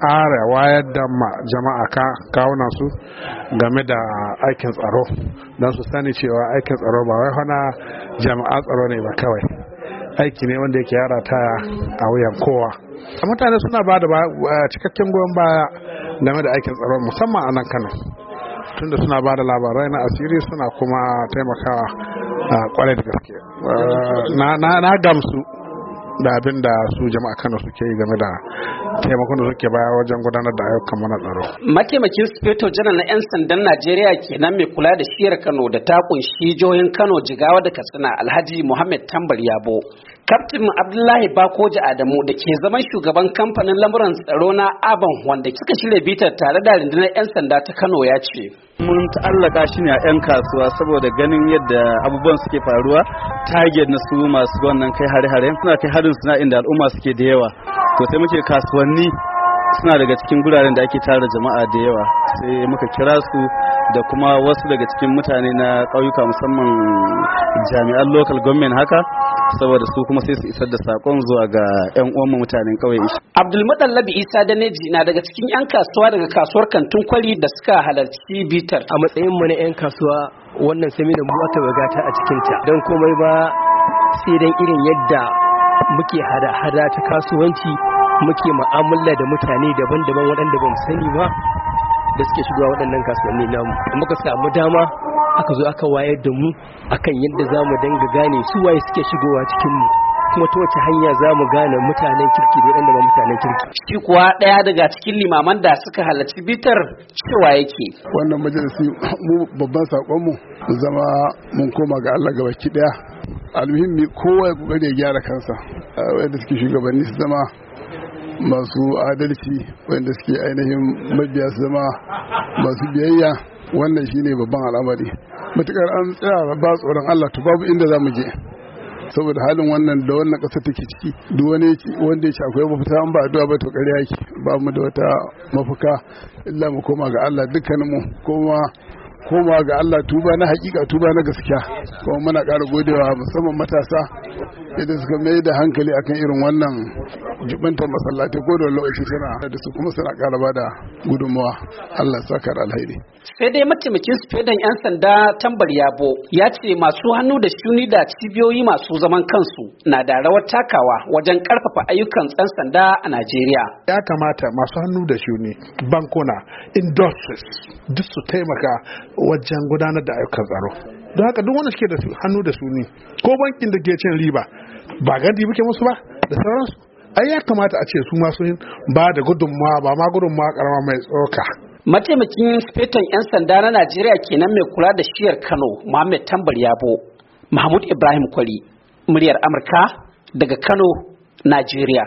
ƙara wayar da jama'a ka kawuna su game da aikin tsaro don su sani cewa aikin tsaro ba wai hana jama'a tsaro ne ba kawai aiki ne wanda yake yara ta a wuyan kowa mutane suna ba da cikakken goyon baya game da aikin tsaro musamman a nan kano tunda suna ba da labarai na asiri suna kuma taimakawa kwarai da gaske na gamsu da abin da su jama'a Kano suke yi game da taimakon da suke baya wajen gudanar da ayyukan mana tsaro. Mataimakin Sufeto Janar na 'yan sandan Najeriya kenan mai kula da shiyar Kano da ta kunshi jihohin Kano Jigawa da Katsina Alhaji Muhammad Tambar Yabo Kaftin Abdullahi Bakoji Adamu da ke zaman shugaban kamfanin lamuran tsaro na Aban wanda suka shirya bitar tare da rundunar 'yan sanda ta Kano ya ce. Mun ta'allaka shi ne a 'yan kasuwa saboda ganin yadda abubuwan suke faruwa target na su masu wannan kai hare-hare suna kai harin suna inda al'umma suke da yawa. To sai muke kasuwanni suna daga cikin guraren da ake tara jama'a da yawa sai muka kira su da kuma wasu daga cikin mutane na ƙauyuka musamman jami'an local government haka saboda su kuma sai su isar da sakon zuwa ga yan uwan mutanen kauye Abdulmutallabi Isa Daneji na daga cikin yan kasuwa daga kasuwar Kantun Kwari da suka halarci bitar a matsayin mu na yan kasuwa wannan da mu ta bagata a cikin ta dan komai ba sai dan irin yadda muke hada-hada ta kasuwanci muke mu'amala da mutane daban-daban waɗanda ba mu sani ba da suke shigowa waɗannan kasuwanni namu muka samu dama aka zo aka wayar da mu akan yadda za mu danga gane su waye suke shigowa cikin mu kuma ta wace hanya za mu gane mutanen kirki da ba mutanen kirki. Shi kuwa ɗaya daga cikin limaman da suka halarci bitar cewa yake. Wannan majalisi mu babban saƙonmu zama mun koma ga Allah gaba ki daya Almuhimmi kowa ya kokari ya gyara kansa. Wanda suke shugabanni su zama masu adalci wanda suke ainihin mabiya su zama masu biyayya wannan shine babban al'amari matukar an tsaya ba tsoron Allah to babu inda zamu je saboda halin wannan da wannan ƙasa take ciki duk wani wanda ya ci akwai mafita an ba addu'a ba to ƙarya yake ba mu da wata mafuka. illa mu koma ga Allah dukkaninmu koma koma ga Allah tuba na hakika tuba na gaskiya kuma muna ƙara godewa musamman matasa idan suka mai da hankali akan irin wannan jubintar masallatai ko da lokaci suna da su kuma suna ƙara bada gudunmawa Allah saka da alheri sai dai mataimakin sufedan yan sanda tambar yabo ya ce masu hannu da shuni da cibiyoyi masu zaman kansu na da rawar takawa wajen karfafa ayyukan tsan sanda a Najeriya ya kamata masu hannu da shuni bankuna industries duk su taimaka wajen gudanar da ayyukan tsaro don haka duk wanda suke da hannu da suni ko bankin da ke cin riba ba gadi muke musu ba da sauransu ai ya kamata a ce su masu sun ba da gudunmawa ba ma gudunmawa karama mai tsoka mataimakin fetan 'yan sanda na najeriya kenan mai kula da shiyar kano muhammed tambar yabo mahmud ibrahim kwari muryar amurka daga kano najeriya